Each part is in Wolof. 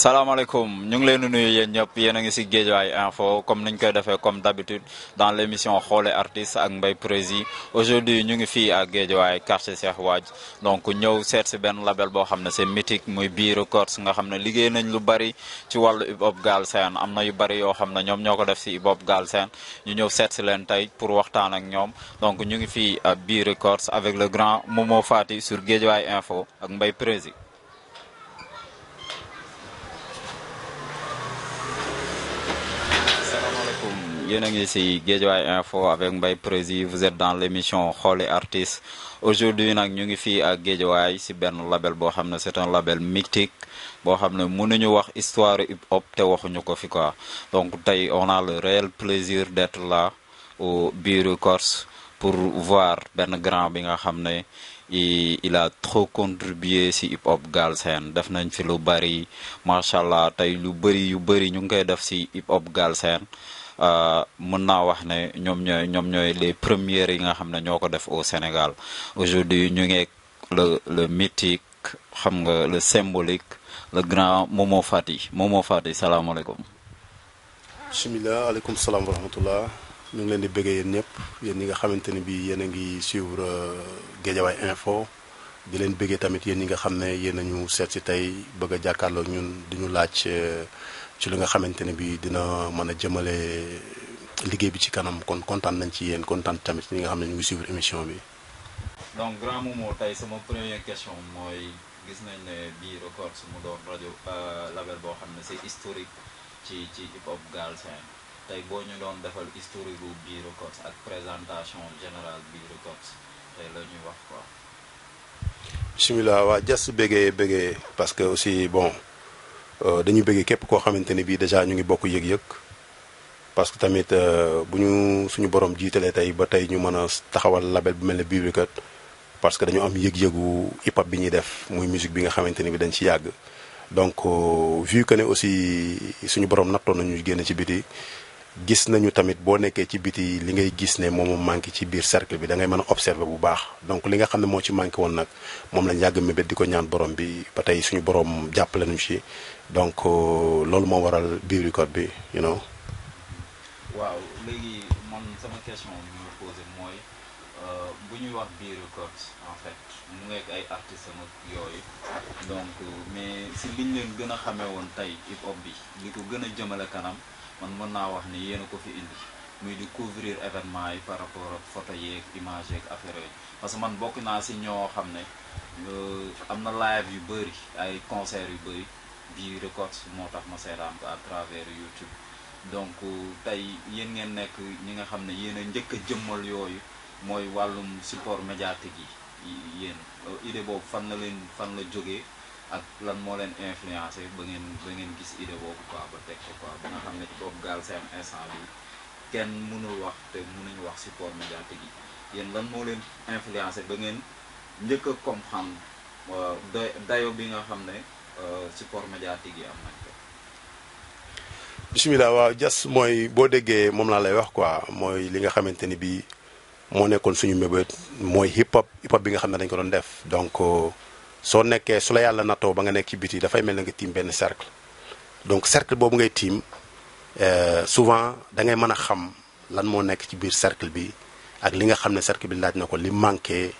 salaamaaleykum ñu ngi leen di nuyu yéen ñëpp yéen a ngi si Guédiawaye info comme niñ koy defee comme d'habitude dans l' émission xoole artiste ak Mbaye Prési aujourd'hui ñu fi a ak Guédiawaye quartier Cheikh Wathie donc ñëw seet si benn label boo xam ne c'est mythique muy Bii Records nga xam ne liggéey nañ lu bari ci wàllu hip hop galsen am na yu bari yoo xam ne ñoom ñoo ko def si hip hop galsen ñu ñëw seet si leen tey pour waxtaan ak ñoom donc ñu ngi fii Bii Records avec le grand Momo Fati sur Guédiawaye info ak Mbaye Prési yéen a ngi Info avec Mbaye Prezi, vous êtes dans l'émission émission Xooli Artiste aujourd'hui nous ñu ngi à c'est ben si label boo c'est ne un label mythique boo xam ne histoire hip hop te waxuñu ko fi quoi donc on a le réel plaisir d'être là au bureau Corse pour voir Ben grand bi nga il a trop contribué si hip hop galsen def nañ fi lu bari machallah tay lu bari yu bari ñu ngi koy def si hip hop galsen euh, mën naa wax ne ñoom ñooy ñoom ñooy les premières yi nga xam ne ñoo ko def au Sénégal aujourd'hui ñu ngi le le mythique xam nga le symbolique le grand Momo Fati Momo Fati salaamaaleykum. bisimilah aleykum salaam wa rahmatullah ñu ngi leen di bëggee yéen ñëpp yéen ñi nga xamante ni bi yéen a ngi suivre euh, Guédiawaye info di leen bëggee tamit yéen ñi nga xam ne yéen a ñu seet si tey bëgg a ñun di ñu laaj euh, ci li nga xamante ne bi dina mën a jëmale liggéey bi ci kanam kon kontaan nañ ci yéen kontaan tamit ñi nga xam ne ñu ngi suivre émission bi. donc grand Momo tey sama première question mooy gis nañ ne bii Records mu doon rajo euh, label boo xam ne c'est historique ci ci hip hop galsen tey boo ñu doon defal historique bu bii Records ak présentation général bii Records tey la ñuy wax quoi. bisimilah waa jas bégee bégee parce que aussi bon. Euh, dañu bëggee képp koo xamante ne bii dèjà ñu ngi bokk yëg-yëg parce que tamit euh, bu ñu suñu borom jiitalee tey ba tey ñu mën a taxawal label bu mel ne Bibi Cut parce que dañu am yëg-yëgu hip bi ñuy def muy musique bi nga xamante ne bi dañ ci yàgg donc euh, vu que ne aussi suñu borom nattoon nañu génn ci biti gis nañu tamit boo nekkee ci biti li ngay gis ne moom manqué ci biir cercle bi da ngay mën a observer bu baax donc li nga xam ne moo ci manqué woon nag moom lañ yàgg mébét di ko ñaan borom bi ba tey suñu borom jàppale nañu ci donc euh, loolu moo waral biir record bi you know. waaw léegi man sama question bi ñu posé mooy euh, bu ñuy wax biir record en fait mu nekk ay artistes am yooyu donc mais si liñ leen gën a xamee woon tey hip hop bi li ko gën a jëmale kanam man mën naa wax ni yéen ko fi indi. muy di couvrir événement yi par rapport ak photo yeeg image yeeg affaire parce que man bokk naa si ñoo xam ne euh, am na live yu bëri ay concert yu bëri bi records moo tax ma seetaan ko à travers YouTube donc tey yéen ngeen nekk ñi nga xam ne yéen a njëkk a jëmmal yooyu mooy wàllum support médiatique yi yéen euh, idée boobu fan na leen fan la jóge ak lan moo leen influencé ba ngeen ngeen gis idée boobu quoi ba teg ko quoi ba nga xam ne boobu gaal seen instant bi kenn mënul wax te mënuñu wax support médiatique yi yéen lan moo leen influencé ba ngeen njëkk a comprendre euh, dayo bi nga xam ne support euh, médiatique yi am nañ ko. bisimilah waaw jas mooy boo déggee moom laa lay wax quoi mooy li nga xamante ni bii moo nekkoon suñu mébét mooy hip hop hip hop bi nga xam ne dañ ko doon def donc euh, soo nekkee su la yàlla nattoo ba nga nekk ci biti dafay mel na nga tiim benn cercle donc cercle boobu ngay tiim euh, souvent da ngay mën a xam lan moo nekk ci biir cercle bi ak li nga xam ne cercle bi laaj na ko li manqué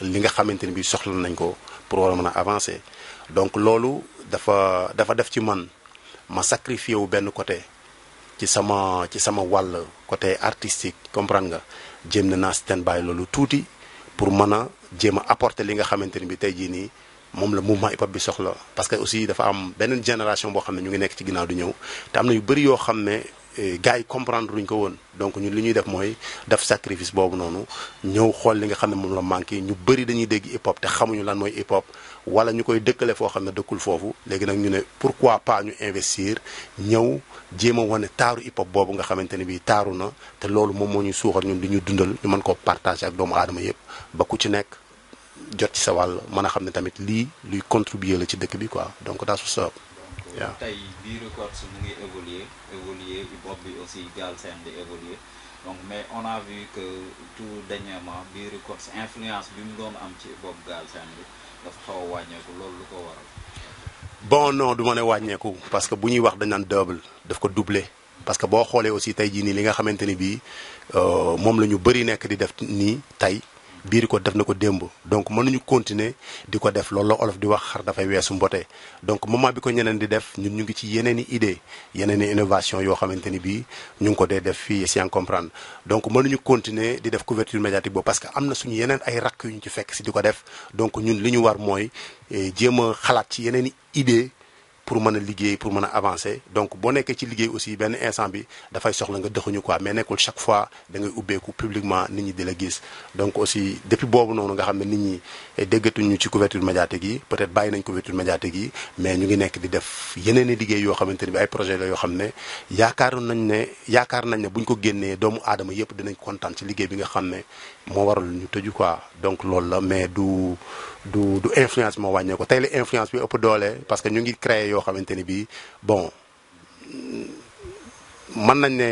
li nga xamante ni bii soxla nañ ko. pour war avancer donc lolu dafa dafa def ci man ma sacrifié au benn côté ci sama ci sama wall côté artistique comprendre nga jëm na stand by tout tuuti pour mën jëma apporter li nga xamanteni ni bi tey ni mom la mouvement hip hop bi soxla parce que aussi dafa am benen génération bo xamné ñu ngi nekk ci ginnaaw du ñew te am na yu bari yo xamné Eh, gars yi comprendre luñ ko woon donc ñun li ñuy def mooy def sacrifice boobu noonu ñëw xool li nga xam ne moom la manqué ñu bëri dañuy dégg hip hop te xamuñu lan mooy hip hop wala ñu koy dëkkale foo xam ne dëkkul foofu léegi nag ñu ne pour quoi pas ñu investir ñëw jéem a wane taaru hip hop boobu nga xamante ne bii taaru na te loolu moom moo ñuy suuxal ñun li ñu dundal ñu mën ko partager ak doomu aadama yëpp ba ku ci nekk jot ci sa wàll mën a xam ne tamit lii luy contribuer la ci dëkk bi quoi donc daa su waaw tey bii Records mu ngi évoluer évoluer hip-hop bi aussi Galsen di évoluer donc mais on a vu que tout dernièrement bii Records influence bi mu doon am ci hip-hop Galsen bi dafa xaw a wàññeeku loolu lu ko waral. bon no du ma ne wàññeeku parce que bu ñuy wax dañ naan double daf ko doubler parce que boo xoolee aussi tey jii nii li nga xamante ni bii euh, moom la ñu bëri nekk di def nii tey. biir ko def na ko démb donc mënuñu continuer di ko def loolu la olof di wax xar dafay weesu mbote donc moment bi ko ñeneen di def ñun ñu ngi ci yeneen ni idée yeneen ni innovation yoo xamante ni bii ñu ngi ko dee def fii si en comprendre donc mënuñu continuer di def couverture médiatique boobu parce que am na suñu yeneen ay rakk yu ñu ci fekk si di ko def donc ñun li ñu war mooy eh, jéem a xalaat ci yeneen ni idée pour liguer pour mon avancer donc boo que tu liggéey aussi ben instant bi fay soxla nga de quoi mais chaque fois da ngay publiquement nit ñi donc aussi depuis vous nonu nga xamné nit ñi déggatuñu ci couverture médiatique peut-être bàyyi nañ couverture médiatique yi mais ñu ngi nek di def yeneene i yo xamanteni ay projet la yo xamné ne yaakar nañ ne buñ ko génné doomu adama yépp dinañ content ci bi nga xamné mo waral ñu tëju quoi donc loolu la mais du du du influence moo wàññee ko tey la influence bi ëpp doole parce que ñu ngi créer yoo xamante ni bii bon mën nañ ne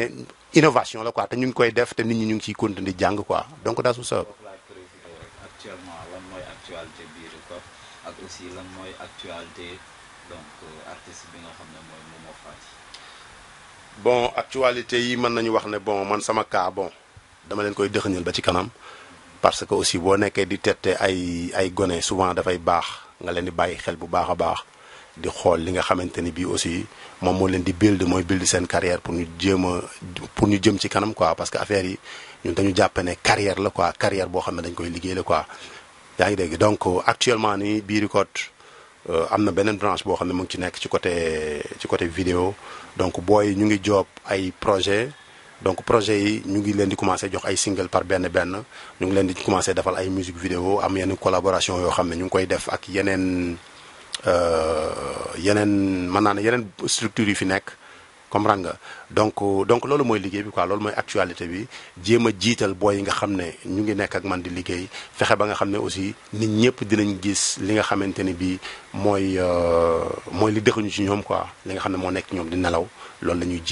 innovation la quoi te ñu ngi koy def te nit ñi ñu ngi ciy continuer di jàng quoi donc daa su sa actuellement lan mooy actualité biir COP ak aussi lan mooy actualité donc euh, artiste bi nga xam ne mooy Momo Fati bon actualité yi mën nañu wax ne bon man sama cas bon dama koy dëxëñal ba ci parce que aussi boo di ay ay souvent dafay nga xel bu aussi moom moo leen di build carrière pour pour ci kanam quoi parce que affaire yi ñun dañu carrière la quoi carrière dañ koy liggéey la quoi. donc actuellement euh, am na beneen branche boo xam ne ngi ci ci côté vidéo donc booy ñu ngi joob ay projet donc projet yi ñu ngi leen di commencé jox ay single par benn benn ñu ngi leen di commencé defal ay musique vidéo am yenn collaboration yoo xam ne ñu ngi koy def ak yeneen euh, yeneen mën naa ne yeneen structures yi fi nekk comprendre nga donc euh, donc lolu moy liggéey bi quoi lolu moy actualité bi djema djital boy yi nga xamné ñu ngi nek ak man di liggéey fexé ba nga xamné aussi nit ñëpp dinañ gis li nga xamante ni moy mooy euh, mooy li dexuñu ci ñom quoi li nga xamné mo nek ñom di nelaw lolu la ñuy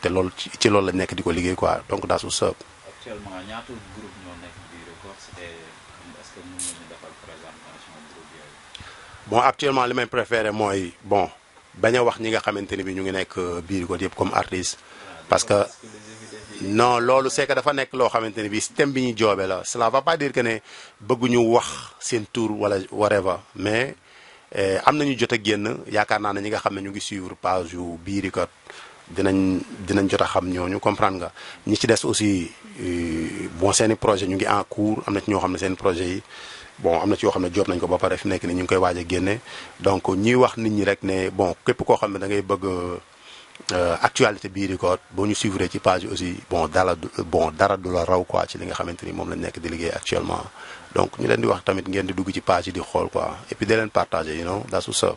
té lolu ci lolu la nek diko ko quoi donc daa su sëb. actuellement ñaata groupe ñoo nekk biir record c'était est-ce que ñu nga ñu defal présentation groupe bon actuellement li may préféré moy bon. bañ a wax ñi nga xamante ni bi ñu ngi nekk euh, biir ko yëpp comme artiste parce que non loolu c'est dafa nekk loo xamante ni bi système bi ñu joobee la cela va pas dire que ne bëgguñu wax seen tour wala whatever mais eh, am nañu jot a génn yaakaar naa ne ñi nga xam ne ñu ngi suivre page yu biiri kat dinañ dinañ jot a xam ñooñu comprendre nga ñi ci des aussi euh, bon seeni projet ñu ngi en cours am na ñoo xam ne seen projet yi bon amna dit ci yo xam ne nañ ko ba pare fi nek ni koy donc nous, wax nit ñi rek bon képp ko da ngay bëgg euh, actualité bi di ko ñu suivre ci page aussi bon dara bon dara du la raw quoi ci li nga qui la di liggéey actuellement donc ñu leen di wax tamit ngeen di dugg ci page di quoi et puis qui leen partager you know that's what's up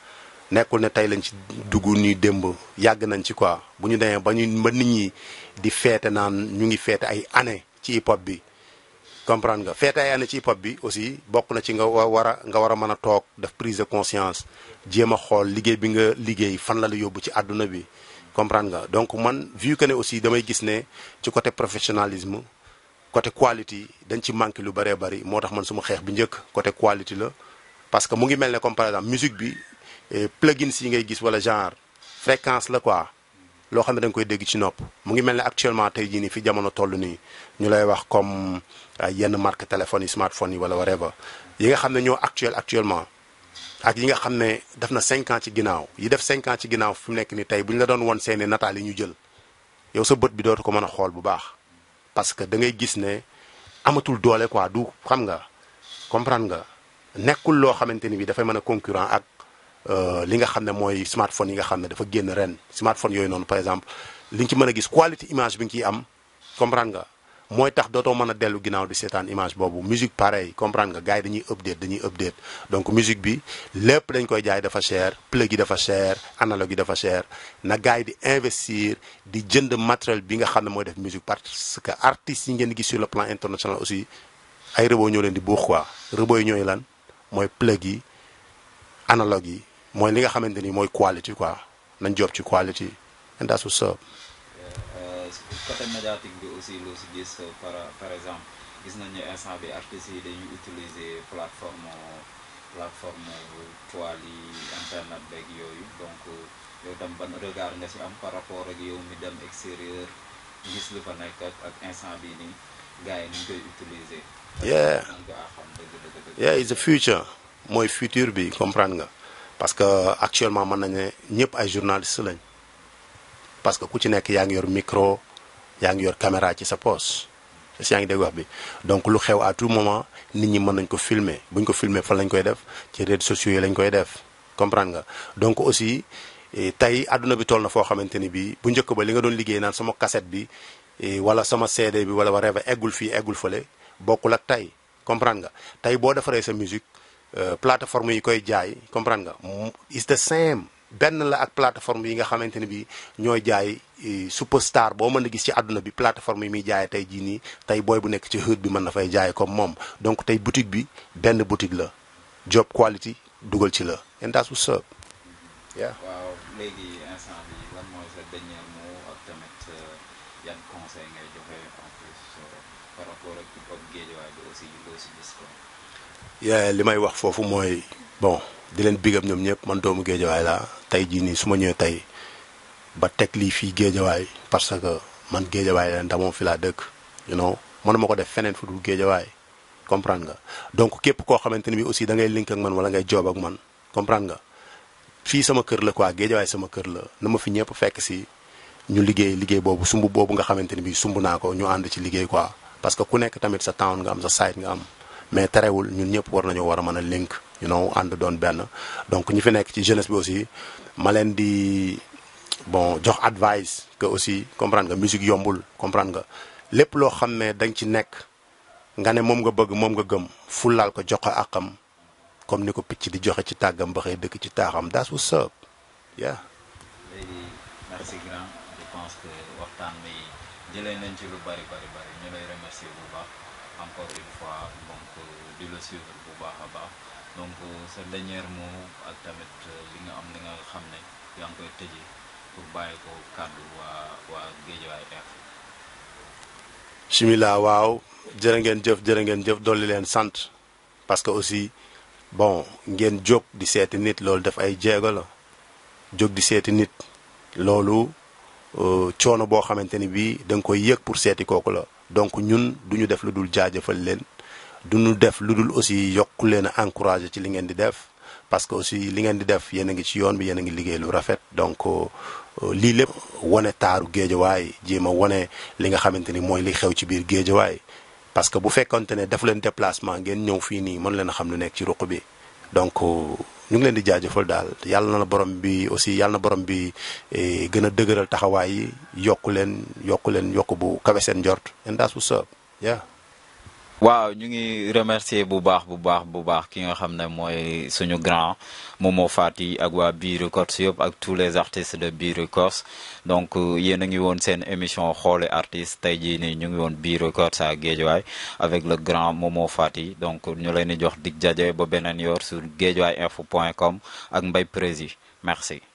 nekkul ne tey lañ ci duggu nii démb yàgg nañ ci quoi bu ñu demee ba ñu mën nit ñi di feete naan ñu ngi feete ay année ci hip hop bi comprendre nga feete ay ci hip hop aussi bokk na ci nga war a nga war a mën a toog def prise de conscience jéem a xool liggéey bi nga liggéey fan la la yóbbu ci àdduna bi comprendre nga donc man vu que ne aussi damay gis ne ci côté professionnalisme côté quality dañ ci manqué lu baree bëri moo tax man suma xeex bi njëkk côté quality la parce que mu ngi mel ne comme par exemple bi Eh, plugins yi ngay gis wala genre fréquence la quoi de xam da dégg ci nopp mu ngi actuellement tey jii fi jamono toll nii ñu lay wax comme yenn marque téléphone smartphone whatever actuel actuellement ak yi nga xam ans ci yi def ans ci la doon won yi ñu jël parce que da ngay gis amatul quoi du xam concurrent Euh, li nga xam ne mooy smartphone yi nga xam ne dafa génn ren smartphone yooyu noonu par exemple li nga ci mën a gis qualité image bi nga ciy am comprendre nga mooy tax dootoo mën a dellu ginnaaw di seetaan image boobu musique pareil comprendre nga gars yi dañuy update dañuy update donc musique bi lépp dañ koy jaay dafa cher plug yi dafa cher analogue yi dafa cher na gars yi di investir di jënd matériel bi nga xam ne mooy def musique parce que artistes yi ngeen di gis sur le plan international aussi ay rëboo ñoo leen di buux quoi rëboo yi ñooy lan mooy plug yi yi mooy li nga xamante ni quality quoi nañ job ci quality and that's what's up. Uh, côté médiatique bi aussi loo si gis euh, par par exemple gis nañu instant bi artistes dañuy utiliser plateforme plateforme toile internet beeg yooyu donc euh, yow tam ban regard nga si am par rapport ak yow mi dem extérieur gis lu fa nekk ak instant bi nii gars ni koy utiliser. yeah yeah it's a future mooy futur bi comprendre nga. parce que actuellement mën nañ journaliste parce que ku ci nekk yaa ngi yor micro yaa ngi yor caméra ci sa poche si yaa ngi donc lu xew à tout moment nit ñi nañ filmer buñ ko filmer fa lañ koy def ci réseaux sociaux yi lañ koy def comprendre nga donc aussi eh, tey àdduna bi toll na ni bu njëkk ba li nga doon liggéey naan sama cassette bi eh, wala sama CD bi wala Vous eggul fii eggul fële bokkul ak tey comprendre nga tey boo musique Euh, plateforme yi koy jaay comprendre nga is the same ben la ak plateforme yi nga xamanteni bi ñoy jaay eh, superstar bo mën gis ci aduna bi plateforme yi muy jaay tay ji ni tay boy bu nek ci xët bi mën na fay jaay comme mom donc tay boutique bi ben boutique la job quality dugal ci la and that's what's up yeah wow léegi instant bi lan moy sa dernier mot ak tamit euh, yan conseil ngay joxe en plus euh, par rapport ak hip hop géej waaye bi aussi ñu ko si li may wax foofu mooy bon di leen bigam ñoom ñëpp man doomu géejawaay la tey jii nii su ma ñëwee tey ba teg lii fii géejawaay parce que man géejawaay leen damoom fi laa dëkk you know mënuma ko def feneen fu dul géejawaay comprendre nga donc képp koo xamante ni bi aussi da ngay link ak man wala ngay joob ak man comprendre nga fii sama kër la quoi géejawaay sama kër la na ma fi ñëpp fekk si ñu liggéey liggéey boobu sumb boobu nga xamante ni bi sumb naa ko ñu ànd ci liggéey quoi parce que ku nekk tamit sa town nga am sa site nga am mais terewul ñun ñëpp war nañu war a mën a link you know and doon benn donc ñi fi nekk ci jeunesse bi aussi ma leen di bon jox advice que aussi comprendre nga musique yombul comprendre nga lépp loo xam ne dañ ci nekk nga ne moom nga bëgg moom nga gëm fullaal ko jox ko àqam comme ni ko picc di joxe ci tàggam ba xëy dëkk ci taaxam that's what's up yeah. merci grand je pense que waxtaan bi jëlee nañ ci lu bari bari bari ñu lay remercier bu baax. encore une waaw jërë ngeen jëf jërë ngeen jëf dolli leen sant parce que aussi bon ngeen jóg di seeti nit loolu def ay jéego la jóg di seeti nit loolu euh, coono boo xamante ni bii da nga koy yëg pour seeti kooku la. donc ñun du ñu def lu dul jaajëfal leen du ñu def lu dul aussi yokk leen a encouragé ci li ngeen di def parce que aussi li ngeen di def yéen a ngi ci yoon bi yéen a ngi liggéey lu rafet donc euh, euh, lii lépp wane taaru géejawaay jéem a wane li nga xamante ni mooy li xew ci biir géejawaay parce que bu fekkonte ne def leen déplacement ngeen ñëw fii nii mën leen a xam lu nekk ci ruq bi donc euh, ñu ngi leen di jëfal daal yàlla na borom bi aussi yàlla na borom bi eh, gën a dëgëral taxawaay yi yokku leen yokk leen yokk bu kawe seen njort and that's what's up Wow, nous remercions remercier bu baax bu baax un grand Momo Fati ak b tous les artistes de Bi Records donc euh, y a une émission pour artistes Records à avec le grand Momo Fati donc nous allons di sur merci